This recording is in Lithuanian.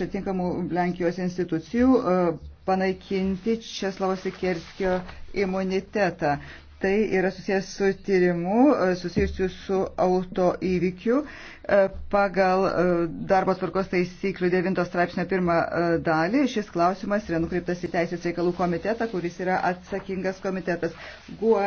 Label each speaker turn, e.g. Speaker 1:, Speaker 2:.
Speaker 1: čia tinkamų Lenkijos institucijų e, panaikinti Česlavo Sikerskio imunitetą. Tai yra susijęs su tyrimu, e, susijusiu su auto įvykiu. E, pagal darbo tvarkos taisyklių 9 straipsnio pirmą dalį šis klausimas yra nukreiptas į Teisės reikalų komitetą, kuris yra atsakingas komitetas. Guo